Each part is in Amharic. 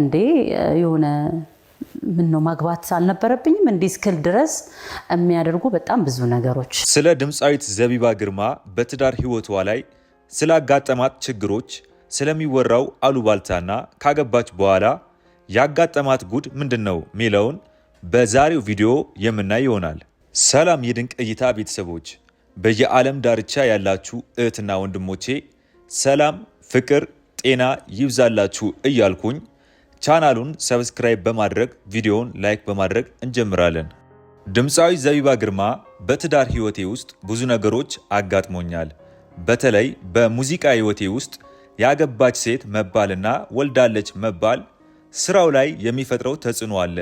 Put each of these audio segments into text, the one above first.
እንዴ የሆነ ምን ነው ማግባት አልነበረብኝም እንዲህ እስክል ድረስ የሚያደርጉ በጣም ብዙ ነገሮች። ስለ ድምፃዊት ዘቢባ ግርማ በትዳር ህይወቷ ላይ ስላጋጠማት ችግሮች፣ ስለሚወራው አሉባልታና ካገባች በኋላ ያጋጠማት ጉድ ምንድን ነው ሚለውን በዛሬው ቪዲዮ የምናይ ይሆናል። ሰላም የድንቅ እይታ ቤተሰቦች፣ በየዓለም ዳርቻ ያላችሁ እህትና ወንድሞቼ ሰላም፣ ፍቅር፣ ጤና ይብዛላችሁ እያልኩኝ ቻናሉን ሰብስክራይብ በማድረግ ቪዲዮውን ላይክ በማድረግ እንጀምራለን። ድምፃዊ ዘቢባ ግርማ በትዳር ህይወቴ ውስጥ ብዙ ነገሮች አጋጥሞኛል። በተለይ በሙዚቃ ህይወቴ ውስጥ ያገባች ሴት መባልና ወልዳለች መባል ስራው ላይ የሚፈጥረው ተጽዕኖ አለ።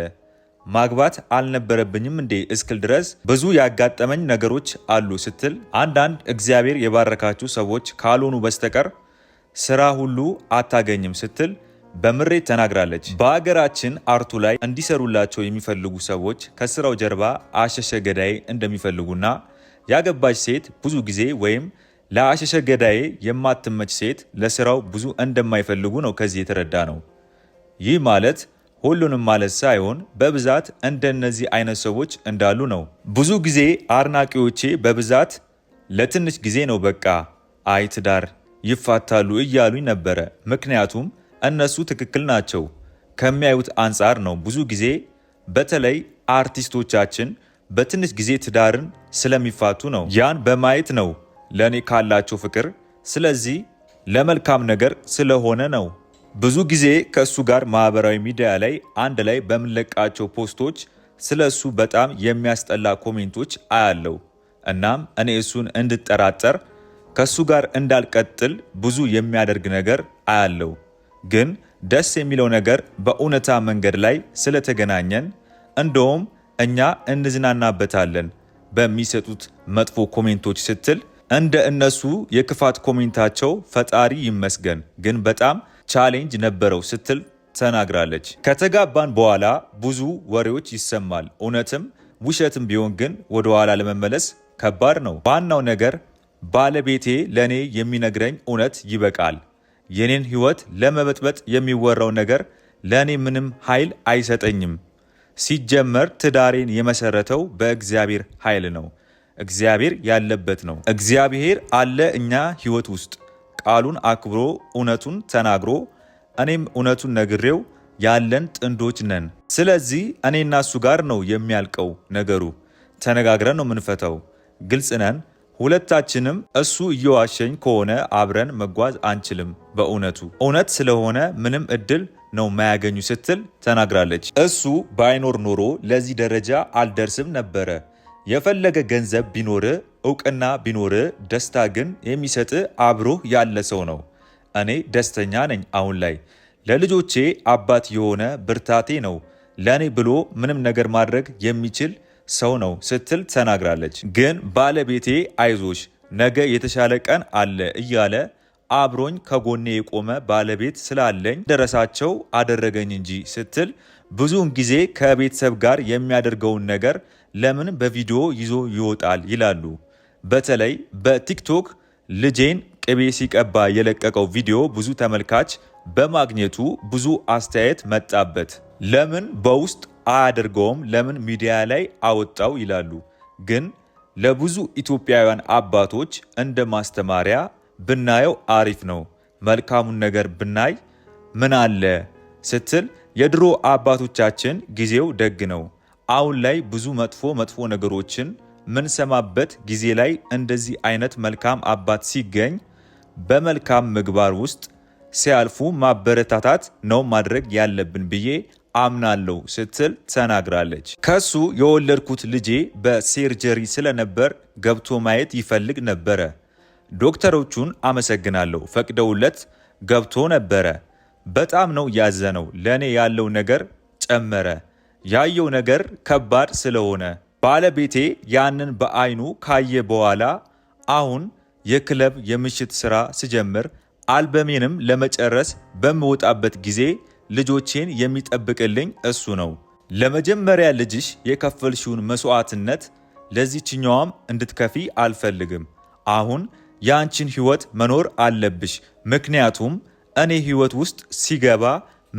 ማግባት አልነበረብኝም እንዴ እስክል ድረስ ብዙ ያጋጠመኝ ነገሮች አሉ ስትል አንዳንድ እግዚአብሔር የባረካችሁ ሰዎች ካልሆኑ በስተቀር ስራ ሁሉ አታገኝም ስትል በምሬት ተናግራለች። በሀገራችን አርቱ ላይ እንዲሰሩላቸው የሚፈልጉ ሰዎች ከስራው ጀርባ አሸሸ ገዳዬ እንደሚፈልጉና ያገባች ሴት ብዙ ጊዜ ወይም ለአሸሸ ገዳዬ የማትመች ሴት ለስራው ብዙ እንደማይፈልጉ ነው ከዚህ የተረዳ ነው። ይህ ማለት ሁሉንም ማለት ሳይሆን በብዛት እንደነዚህ አይነት ሰዎች እንዳሉ ነው። ብዙ ጊዜ አድናቂዎቼ በብዛት ለትንሽ ጊዜ ነው በቃ አይ ትዳር ይፋታሉ እያሉኝ ነበረ። ምክንያቱም እነሱ ትክክል ናቸው ከሚያዩት አንጻር ነው። ብዙ ጊዜ በተለይ አርቲስቶቻችን በትንሽ ጊዜ ትዳርን ስለሚፋቱ ነው። ያን በማየት ነው ለእኔ ካላቸው ፍቅር፣ ስለዚህ ለመልካም ነገር ስለሆነ ነው። ብዙ ጊዜ ከእሱ ጋር ማህበራዊ ሚዲያ ላይ አንድ ላይ በምንለቃቸው ፖስቶች ስለ እሱ በጣም የሚያስጠላ ኮሜንቶች አያለው። እናም እኔ እሱን እንድጠራጠር ከእሱ ጋር እንዳልቀጥል ብዙ የሚያደርግ ነገር አያለው። ግን ደስ የሚለው ነገር በእውነታ መንገድ ላይ ስለተገናኘን እንደውም እኛ እንዝናናበታለን በሚሰጡት መጥፎ ኮሜንቶች ስትል እንደ እነሱ የክፋት ኮሜንታቸው ፈጣሪ ይመስገን ግን በጣም ቻሌንጅ ነበረው ስትል ተናግራለች። ከተጋባን በኋላ ብዙ ወሬዎች ይሰማል። እውነትም ውሸትም ቢሆን ግን ወደኋላ ለመመለስ ከባድ ነው። ዋናው ነገር ባለቤቴ ለእኔ የሚነግረኝ እውነት ይበቃል የኔን ሕይወት ለመበጥበጥ የሚወራው ነገር ለእኔ ምንም ኃይል አይሰጠኝም። ሲጀመር ትዳሬን የመሰረተው በእግዚአብሔር ኃይል ነው። እግዚአብሔር ያለበት ነው። እግዚአብሔር አለ እኛ ሕይወት ውስጥ ቃሉን አክብሮ እውነቱን ተናግሮ እኔም እውነቱን ነግሬው ያለን ጥንዶች ነን። ስለዚህ እኔና እሱ ጋር ነው የሚያልቀው ነገሩ። ተነጋግረን ነው የምንፈታው። ግልጽ ነን። ሁለታችንም እሱ እየዋሸኝ ከሆነ አብረን መጓዝ አንችልም። በእውነቱ እውነት ስለሆነ ምንም እድል ነው ማያገኙ ስትል ተናግራለች። እሱ ባይኖር ኖሮ ለዚህ ደረጃ አልደርስም ነበረ። የፈለገ ገንዘብ ቢኖር፣ እውቅና ቢኖር፣ ደስታ ግን የሚሰጥ አብሮህ ያለ ሰው ነው። እኔ ደስተኛ ነኝ አሁን ላይ። ለልጆቼ አባት የሆነ ብርታቴ ነው። ለእኔ ብሎ ምንም ነገር ማድረግ የሚችል ሰው ነው ስትል ተናግራለች። ግን ባለቤቴ አይዞሽ ነገ የተሻለ ቀን አለ እያለ አብሮኝ ከጎኔ የቆመ ባለቤት ስላለኝ ደረሳቸው አደረገኝ እንጂ ስትል ብዙውን ጊዜ ከቤተሰብ ጋር የሚያደርገውን ነገር ለምን በቪዲዮ ይዞ ይወጣል ይላሉ። በተለይ በቲክቶክ ልጄን ቅቤ ሲቀባ የለቀቀው ቪዲዮ ብዙ ተመልካች በማግኘቱ ብዙ አስተያየት መጣበት። ለምን በውስጥ አያደርገውም፣ ለምን ሚዲያ ላይ አወጣው ይላሉ። ግን ለብዙ ኢትዮጵያውያን አባቶች እንደ ማስተማሪያ ብናየው አሪፍ ነው። መልካሙን ነገር ብናይ ምን አለ ስትል የድሮ አባቶቻችን ጊዜው ደግ ነው። አሁን ላይ ብዙ መጥፎ መጥፎ ነገሮችን ምንሰማበት ጊዜ ላይ እንደዚህ አይነት መልካም አባት ሲገኝ በመልካም ምግባር ውስጥ ሲያልፉ ማበረታታት ነው ማድረግ ያለብን ብዬ አምናለሁ ስትል ተናግራለች። ከሱ የወለድኩት ልጄ በሴርጀሪ ስለነበር ገብቶ ማየት ይፈልግ ነበረ። ዶክተሮቹን አመሰግናለሁ ፈቅደውለት ገብቶ ነበረ። በጣም ነው ያዘነው። ለእኔ ያለው ነገር ጨመረ። ያየው ነገር ከባድ ስለሆነ ባለቤቴ ያንን በአይኑ ካየ በኋላ አሁን የክለብ የምሽት ስራ ስጀምር አልበሜንም ለመጨረስ በምወጣበት ጊዜ ልጆቼን የሚጠብቅልኝ እሱ ነው። ለመጀመሪያ ልጅሽ የከፈልሽውን መስዋዕትነት ለዚችኛዋም እንድትከፊ አልፈልግም። አሁን የአንቺን ሕይወት መኖር አለብሽ። ምክንያቱም እኔ ሕይወት ውስጥ ሲገባ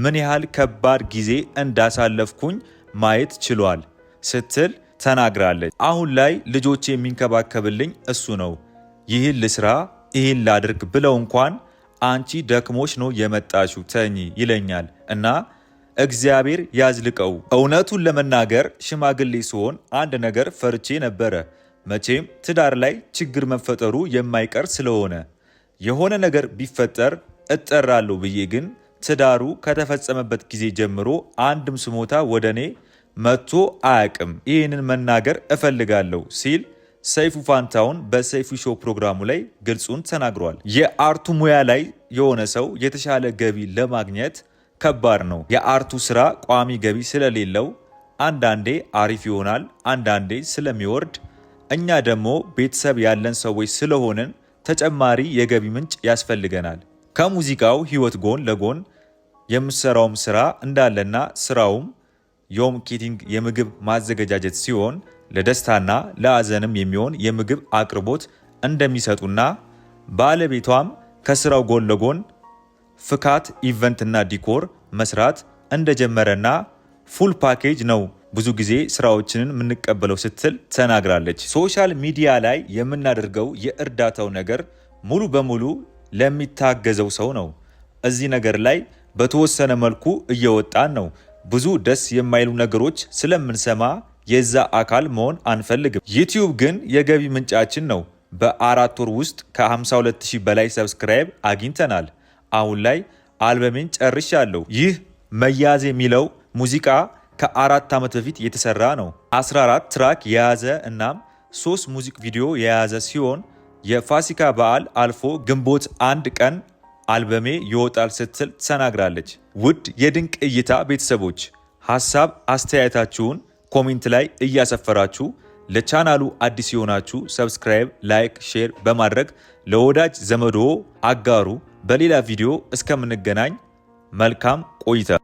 ምን ያህል ከባድ ጊዜ እንዳሳለፍኩኝ ማየት ችሏል ስትል ተናግራለች። አሁን ላይ ልጆቼ የሚንከባከብልኝ እሱ ነው። ይህን ልስራ፣ ይህን ላድርግ ብለው እንኳን አንቺ ደክሞች ነው የመጣችው ተኝ ይለኛል እና እግዚአብሔር ያዝልቀው። እውነቱን ለመናገር ሽማግሌ ሲሆን አንድ ነገር ፈርቼ ነበረ። መቼም ትዳር ላይ ችግር መፈጠሩ የማይቀር ስለሆነ የሆነ ነገር ቢፈጠር እጠራለሁ ብዬ ግን ትዳሩ ከተፈጸመበት ጊዜ ጀምሮ አንድም ስሞታ ወደ እኔ መጥቶ አያቅም። ይህንን መናገር እፈልጋለሁ ሲል ሰይፉ ፋንታውን በሰይፉ ሾው ፕሮግራሙ ላይ ግልጹን ተናግሯል። የአርቱ ሙያ ላይ የሆነ ሰው የተሻለ ገቢ ለማግኘት ከባድ ነው። የአርቱ ስራ ቋሚ ገቢ ስለሌለው አንዳንዴ አሪፍ ይሆናል፣ አንዳንዴ ስለሚወርድ፣ እኛ ደግሞ ቤተሰብ ያለን ሰዎች ስለሆንን ተጨማሪ የገቢ ምንጭ ያስፈልገናል። ከሙዚቃው ህይወት ጎን ለጎን የምሰራውም ስራ እንዳለና ስራውም ዮም ኬቲንግ የምግብ ማዘገጃጀት ሲሆን ለደስታና ለአዘንም የሚሆን የምግብ አቅርቦት እንደሚሰጡና ባለቤቷም ከስራው ጎን ለጎን ፍካት ኢቨንትና ዲኮር መስራት እንደጀመረና ፉል ፓኬጅ ነው ብዙ ጊዜ ስራዎችንን የምንቀበለው ስትል ተናግራለች። ሶሻል ሚዲያ ላይ የምናደርገው የእርዳታው ነገር ሙሉ በሙሉ ለሚታገዘው ሰው ነው። እዚህ ነገር ላይ በተወሰነ መልኩ እየወጣን ነው። ብዙ ደስ የማይሉ ነገሮች ስለምንሰማ የዛ አካል መሆን አንፈልግም። ዩቲዩብ ግን የገቢ ምንጫችን ነው። በአራት ወር ውስጥ ከ52000 በላይ ሰብስክራይብ አግኝተናል። አሁን ላይ አልበሜን ጨርሻለሁ። ይህ መያዝ የሚለው ሙዚቃ ከአራት ዓመት በፊት የተሰራ ነው። 14 ትራክ የያዘ እናም ሶስት ሙዚቅ ቪዲዮ የያዘ ሲሆን የፋሲካ በዓል አልፎ ግንቦት አንድ ቀን አልበሜ ይወጣል ስትል ተናግራለች። ውድ የድንቅ እይታ ቤተሰቦች ሀሳብ አስተያየታችሁን ኮሜንት ላይ እያሰፈራችሁ ለቻናሉ አዲስ የሆናችሁ ሰብስክራይብ፣ ላይክ፣ ሼር በማድረግ ለወዳጅ ዘመዶ አጋሩ። በሌላ ቪዲዮ እስከምንገናኝ መልካም ቆይታ